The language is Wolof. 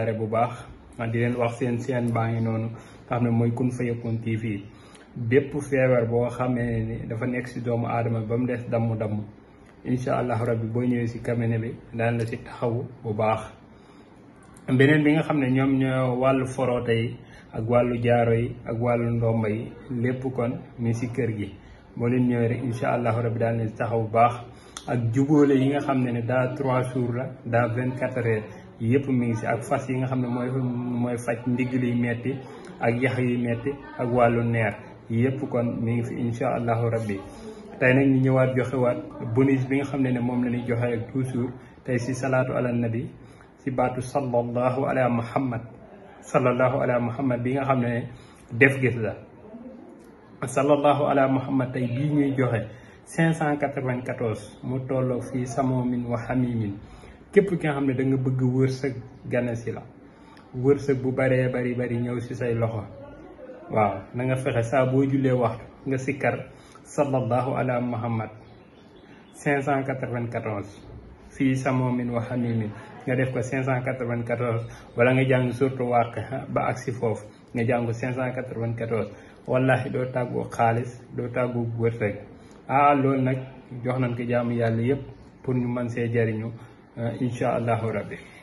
are bu baax ah, di leen wax seen seen baa ngi noonu nga xam ne mooy Kun Fayakoun TV bépp feebar boo xamee ni dafa nekk si doomu aadama ba mu des damm damm incha allah rabbi booy ñëwee si cabinet bi daan la ci taxaw bu baax beneen bi nga xam ne ñoom ñoo wàllu foroote yi ak wàllu jaaro yi ak wàllu ndomba yi lépp kon mi si kër gi boo leen ñëwee rek incha allah rabbi daan la si taxaw bu baax ak jubóole yi nga xam ne ne daa trois jours la daa vingt quatre yëpp mi ngi si ak fas yi nga xam ne mooy mooy faj ndigg yi metti ak yax yi metti ak wàllu neer yëpp kon mi ngi fi incha allahu rabbi tey nag ñu ñëwaat joxewaat bonus bi nga xam ne ne moom la ñuy joxe ak toujours tey si salaatu ala nabi si baatu sallallahu ala muhammad sallallahu ala muhammad bi nga xam ne def gis la sallallahu ala muhammad tey bii ñuy joxe 594 mu tolloog fii samoo min wa xamimin képp ki nga xam ne da nga bëgg wërsëg gane si la wërsëg bu baree bari bari ñëw si say loxo waaw na fexe saa boo jullee waxtu nga si sikkar sallallahu ala muhammad 594 fii samoomin wa hamimin nga def ko 594 wala nga jàng surtout wàq ba agsi foofu nga jàng 594 wallahi doo tàggoo xaalis doo tàggoo wërsëg ah loolu nag jox nañ ko jaamu yàlla yépp pour ñu mën see jariñu incha allahu rabbi